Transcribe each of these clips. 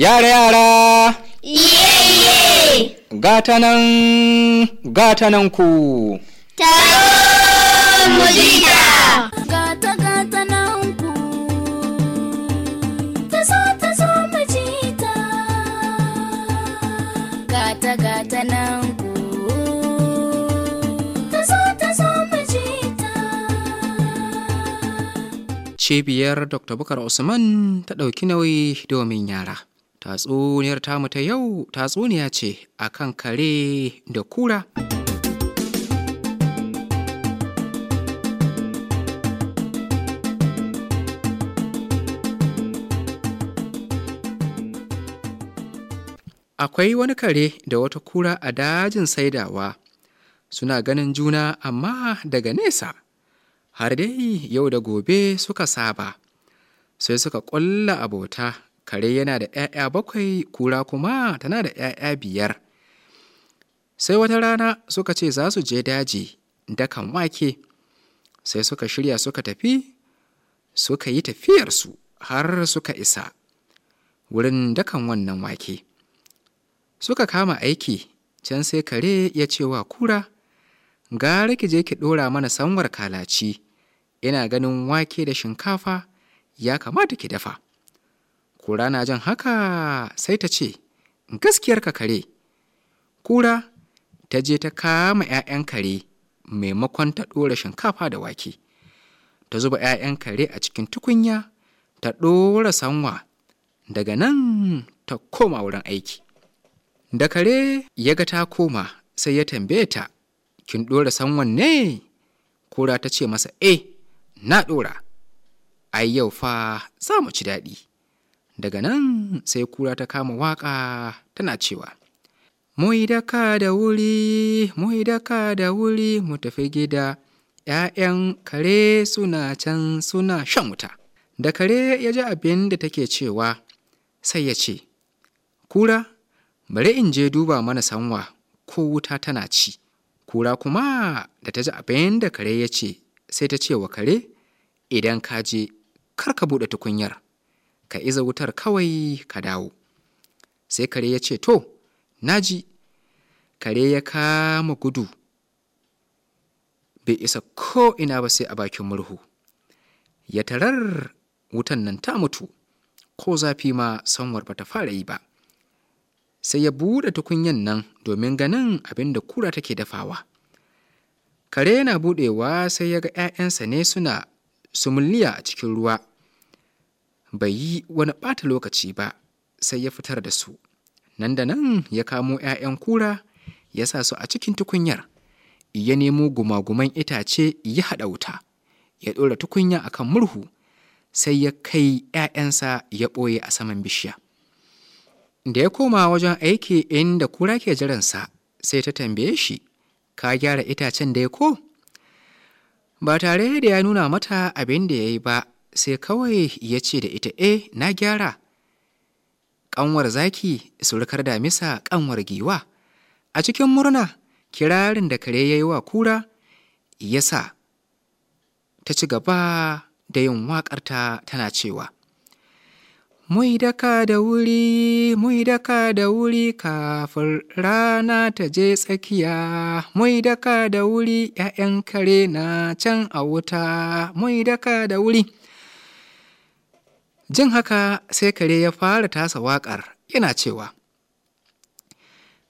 Yara yara! Iye iye! Gata nan, gata nan ku! Taro mujita! Gata gata nan ku! Tazo tazo mujita! Gata gata nan ku! Tazo tazo mujita! Cibiyar Dr. Bukar Usman ta ɗauki nauyi domin yara. tatsuniyar tamu ta yau tatsuniya ce a kan kare da kura akwai wani kare da wata kura a dajin saidawa suna ganin juna amma daga nesa har dai yau da gobe suka saba sai suka ƙulla abota kare yana da 'ya'ya bakwai kura kuma tana da 'ya'ya biyar sai wata rana suka ce za su je daji dakan wake sai suka shirya suka tafi suka yi tafiyarsu har suka isa wurin dakan wannan wake suka kama aiki can sai kare ya ce wa kura gara ki je ki ɗora mana sanwar kalaci ina ganin wake da shinkafa ya kamata ki dafa kura na jan haka sai ta ce gaskiyar ka kare kura ta je ta kama 'ya'yan kare maimakon ta ɗora shinkafa da wake ta zuba 'ya'yan kare a cikin tukunya ta ɗora sanwa daga nan ta koma wurin aiki da kare ya ga ta koma sai ya tambaye ta kin ɗora sanwan ne kura ta ce masa eh na ɗora ai yau fa za mu ci daɗi daga nan sai kura ta kama waƙa tana cewa mui daka da wuri mui daka da wuri mu tafi gida ‘ya'yan kare suna can suna shan wuta da kare ya ji abin da take cewa sai ya ce kura bari in je duba mana sanwa ko wuta tana ci kura kuma da ta ji abin da kare ya ce sai ta ce wa kare idan ka je kar ka buɗe tukunyar ka iza wutar kawai ka dawo sai kare ya ce to naji kare ya kama gudu bai isa ko ina ba sai a bakin murhu ya tarar wutan nan ta mutu ko zafi ma sanwar ba ta fara yi ba sai ya buɗe tukunyan nan domin ganin abin da kura take dafawa kare yana buɗewa sai ya ga 'ya'yansa ne suna sumulliya a cikin ruwa bai yi wani ɓata lokaci ba sai ya fitar da su nan da nan ya kamo 'ya'yan kura ya sa su a cikin tukunyar ya nemo gumaguman itace ya haɗa wuta ya ɗora tukunya a kan murhu sai ya kai 'ya'yansa ya ɓoye a saman bishiya da ya koma wajen aiki inda kura ke jiransa sai ta tambaye shi ka gyara itacen da ya ko ba tare da ya nuna mata abin da ya yi ba sai kawai ya ce da ita e na gyara ƙanwar zaki surukar damisa ƙanwar giwa a cikin murna kirarin da kare ya yi wa kura ya sa ta ci gaba da yin waƙarta tana cewa Mui daka da wuri, mui daka da wuri kafin rana ta je tsakiya, mui daka da wuri ‘ya'yan kare na can a wuta, mui daka da wuri. jin haka sai kare ya fara tasa waƙar yana cewa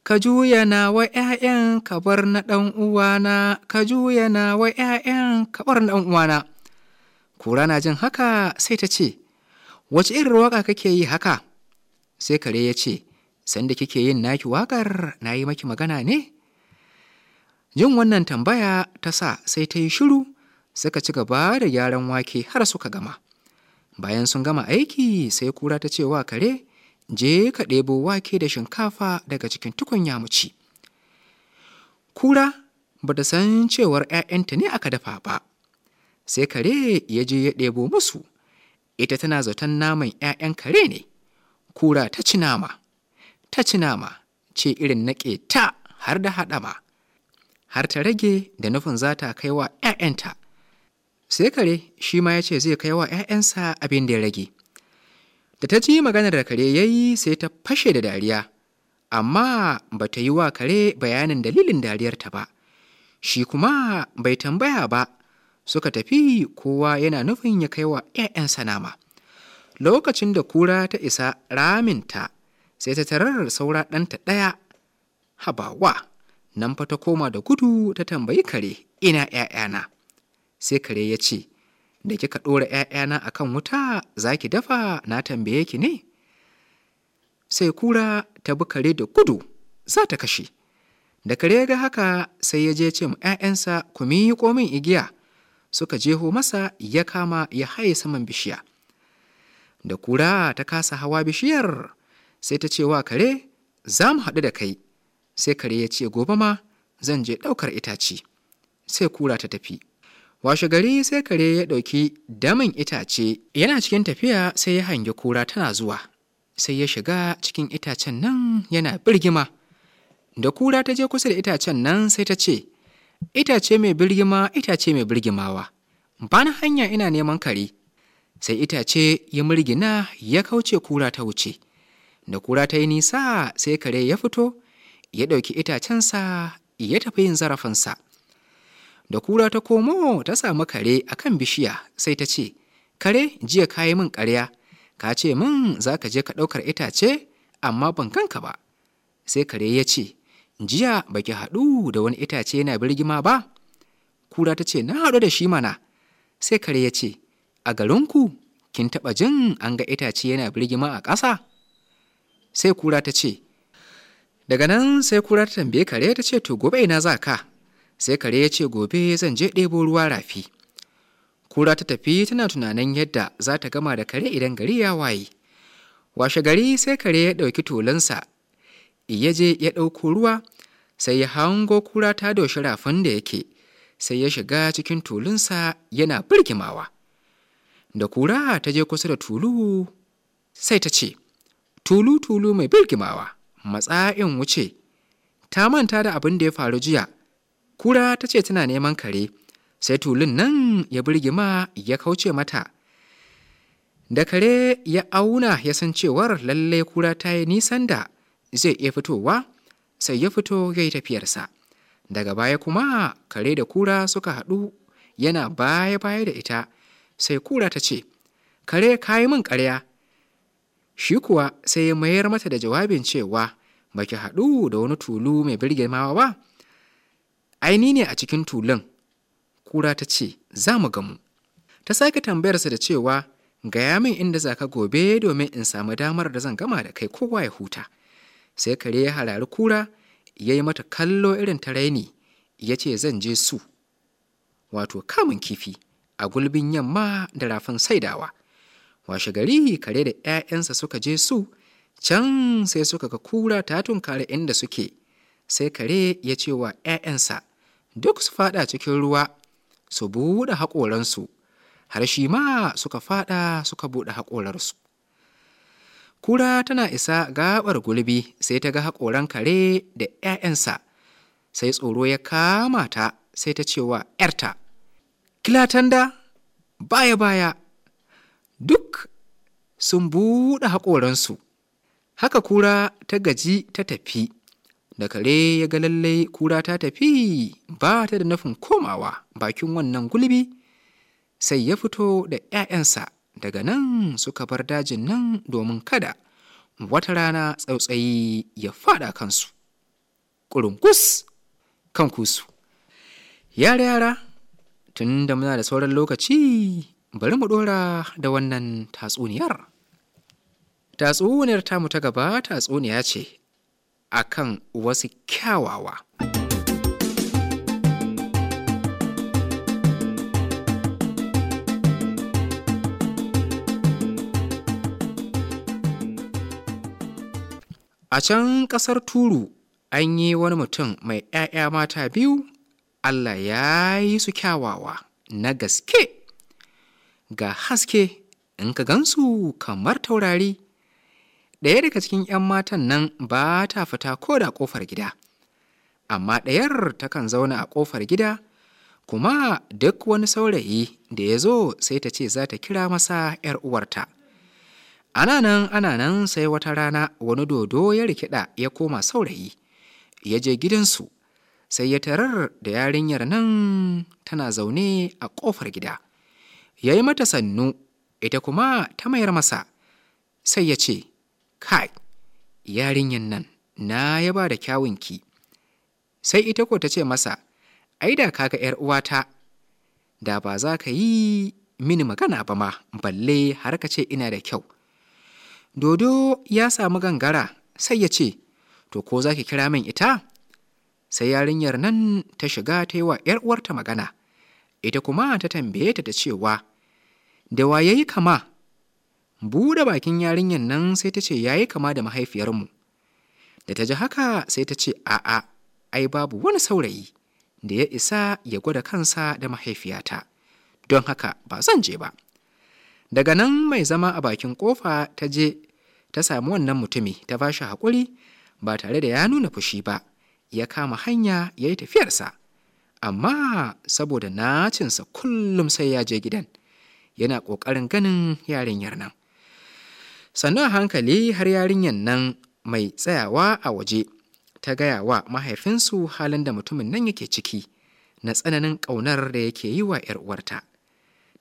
ka juya na ‘ya'yan kabar bar na ɗan uwana ka juya na ‘ya'yan kabar na ɗan kura na jin haka sai ta ce wace irin waƙa kake yi haka sai kare ya ce sanda kike yin naki waƙar na yi maki magana ne jin wannan tambaya ta sa sai ta yi shiru suka ci gaba da gyaran wake har suka gama bayan sun gama aiki sai kura ta cewa kare je ka ɗebo wake da shinkafa daga cikin tukunya mu ci kura ba ta san cewar 'ya'yanta ne aka dafa ba sai kare ya je ya ɗebo musu ita tana zaton naman 'ya'yan kare ne kura ta ci nama ta ci nama ce irin na ta har da haɗama har ta rage da nufin za ta kai wa 'ya'yanta sai kare shi ma ya ce zai kai wa 'ya'yansa abin da ya rage da ta ji maganar da kare ya yi sai ta fashe da dariya amma ba ta yi wa kare bayanin dalilin dariyarta ba shi kuma bai tambaya ba suka tafi kowa yana nufin ya kai wa 'ya'yansa nama lokacin da kura ta isa raminta sai ta tarar saura ɗanta ɗaya habawa nan fa ta koma da gudu ta tambayi kare ina 'ya'yana sai kare ya ce da kika ɗora ‘ya'yana a kan wuta za ki dafa na tambaye ki ne sai kura ta bi kare da gudu za ta kashe da kare ya ga haka sai ya je ce mu ‘ya'yansa ku yi komin igiya suka jeho masa ya kama ya haye saman bishiya da kura ta kasa hawa bishiyar sai ta ce wa kare za mu haɗu da kai sai kare ya ce gobe ma zan je ɗaukar itaci sai kura ta tafi washe gari sai kare ya ɗauki damin itace yana cikin tafiya sai ya hangi kura tana zuwa sai ya shiga cikin itacen nan yana birgima da kura ta je kusa da itacen nan sai ta ce itace mai birgima itace mai birgimawa na hanya ina neman kare sai itace ya murgina ya kauce kura ta wuce da kura ta yi nisa sai kare ya fito ya ɗauki itacensa ya tafi yin zarafinsa da kura ta komo ta samu kare a kan bishiya sai ta ce kare jiya kayi min karya ka ce min za ka je ka ɗaukar itace amma ban kanka ba sai kare ya ce jiya baki haɗu da wani itace yana birgima ba kura ta ce na haɗu da shi mana sai kare ya ce a garinku kin taɓa jin an ga itace yana birgima a ƙasa sai kura ta ce daga nan sai kura ta tambaye kare ta ce to gobe ina za ka sai kare ya ce gobe zan je ɗebo ruwa rafi kura ta tafi tana tunanin yadda za ta gama da kare idan gari ya waye washe gari sai kare ya ɗauki tulunsa ya je ya ɗauko ruwa sai ya hango kura ta doshi rafin da yake sai ya shiga cikin tulunsa yana birgimawa da kura ta je kusa da tulu sai ta ce tulu tulu mai birgimawa matsain wuce ta manta da abin da ya faru jiya kura ta ce tana neman kare sai tulun nan ya birge ma ya kauce mata da kare ya auna ya san cewar lalle kura ta yi nisan da zai iya fitowa sai ya fito ya yi tafiyarsa daga baya kuma kare da kura suka haɗu yana baya-baya da ita sai kura ta ce kare ka yi min karya, shi kuwa sai ya mayar mata da jawabin cewa baki haɗu da wani tulu mai birgimawa ba aini ne a cikin tulun kura ta ce za mu gamu ta sake tambayarsa da cewa gaya min inda za ka gobe domin in samu damar da zan gama da kai kowa ya huta sai kare ya harari kura ya yi mata kallo irin ta raini ya ce zan je su wato kamun kifi a gulbin yamma da rafin saidawa washe gari kare da 'ya'yansa suka je su can sai suka ga kura ta tunkare inda suke sai kare ya ce wa 'ya'yansa duk su fada cikin ruwa su buɗe haƙoransu har shi ma suka fada suka buɗe haƙorarsu kura tana isa gaɓar gulbi sai ta ga haƙoran kare da 'ya'yansa sai tsoro ya kama ta sai ta cewa 'yarta kilatanda baya baya duk sun buɗe haƙoransu haka kura ta gaji ta tafi da kare ya ga lallai kura ta tafi ba ta da nufin komawa bakin wannan gulbi sai ya fito da 'ya'yansa daga nan suka bar dajin nan domin kada wata rana tsautsayi ya fada kansu ƙurungus kan kusu yara yara tun da muna da sauran lokaci bari mu ɗora da wannan tatsuniyar tatsuniyar tamu ta gaba tatsuniya ce Akan wasu kyawawa. A can ƙasar Turu an yi wani mutum mai ‘ya'ya mata biyu, Allah ya yi su kyawawa na gaske, ga haske in ka gansu kamar taurari. ɗaya daga cikin 'yan matan nan ba ta fita ko da ƙofar gida amma ɗayar takan zauna a ƙofar gida kuma duk wani saurayi da ya zo sai ta ce za ta kira masa 'yar uwarta ana nan ana nan sai wata rana wani dodo ya rikida ya koma saurayi ya je gidansu sai ya tarar da yarinyar nan tana zaune a ƙofar gida ya yi mata sannu ita kuma ta mayar masa sai ya ce kai yarinyan nan na ya ba da kyawunki sai ita ko ta ce masa ai da kaga yar uwata da ba za ka yi mini magana ba ma balle har ka ce ina da kyau dodo ya samu gangara sai ya ce to ko za ki kira min ita sai yarinyar nan ta shiga ta yi wa ‘yar uwarta magana ita kuma ta tambaye ta da cewa da wa ya yi kama buɗe bakin yarinyar nan sai ta ce ya yi kama da mahaifiyarmu da ta ji haka sai ta ce a'a ai babu wani saurayi da ya isa ya gwada kansa da mahaifiyata don haka ba zan je ba daga nan mai zama a bakin kofa ta je ta sami wannan mutumi ta ba shi haƙuri ba tare da ya nuna fushi ba ya kama hanya ya yi tafiyarsa amma saboda nacinsa kullum sai ya je gidan yana ƙoƙarin ganin yarinyar nan sannan hankali har yarinyar nan mai tsayawa a waje ta gaya wa mahaifinsu halin da mutumin nan yake ciki na tsananin ƙaunar da yake yi wa 'yar uwarta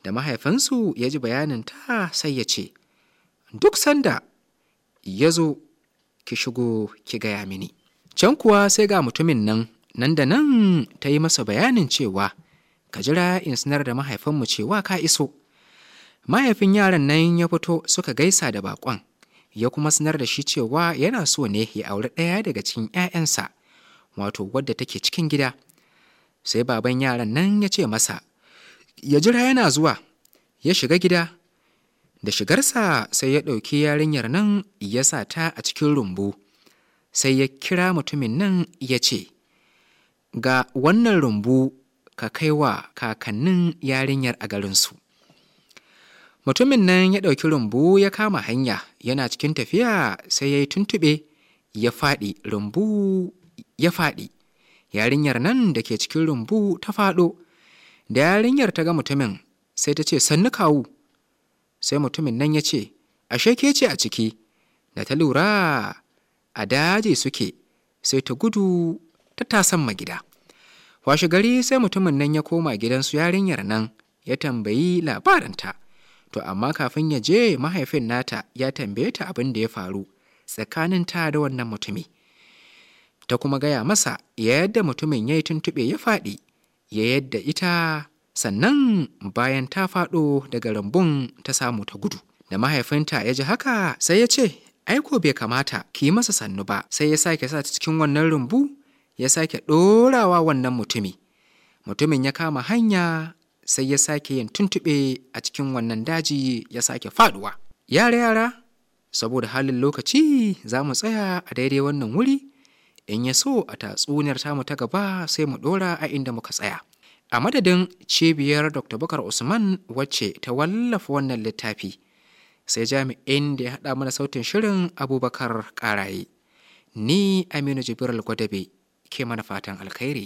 da mahaifinsu ya ji bayanin ta sai ya ce duk sanda ya zo ki shigo ki gaya mini can kuwa sai ga mutumin nan nan da nan ta yi masa bayanin cewa ka jira in sanar da mahaifinmu cewa ka iso mahaifin yaran nan ya fito suka gaisa da bakon ya kuma sanar da shi cewa yana so ne ya auri ɗaya daga cikin 'ya'yansa wato wadda take cikin gida sai baban yaran nan ya ce masa ya jira yana zuwa ya shiga gida da shigarsa sai ya ɗauki yarinyar nan ya sa ta a cikin rumbu sai ya kira mutumin nan ya ce ga wannan rumbu ka kai wa kakannin yarinyar a garinsu mutumin nan ya ɗauki rumbu ya kama hanya yana cikin tafiya sai ya yi tuntuɓe ya faɗi rumbu ya faɗi yarinyar nan da ke cikin rumbu ta faɗo da yarinyar ta ga mutumin sai ta ce sannu kawu sai mutumin nan ya ce ashe ke ce a ciki da ta lura a daji suke sai ta gudu ta tasan magida washe gari sai mutumin nan ya koma gidansu yarinyar nan ya tambayi labaranta to amma kafin ya je mahaifin nata ya tambaye ta abin da ya faru tsakanin ta da wannan mutumi ta kuma gaya masa ya yadda mutumin ya yi tuntuɓe ya faɗi ya yadda ita sannan bayan ta faɗo daga rambun ta samu ta gudu da mahaifinta ya ji haka sai ya ce aiko bai kamata ki masa sannu ba sai ya sake sa ta cikin wannan rumbu ya sake ɗorawa wannan mutumi mutumin ya kama hanya sai ya sake yin tuntuɓe a cikin wannan daji ya sake faɗuwa yara yara saboda halin lokaci za mu tsaya a daidai wannan wuri in ya so a tatsuniyar tamu ta gaba sai mu ɗora a inda muka tsaya a madadin cibiyar dr bakar usman wacce ta wallafa wannan littafi sai jami'in da ya haɗa mana sautin shirin abubakar ƙaraye ni aminu jibiral gwadabe ke mana fatan alkhairi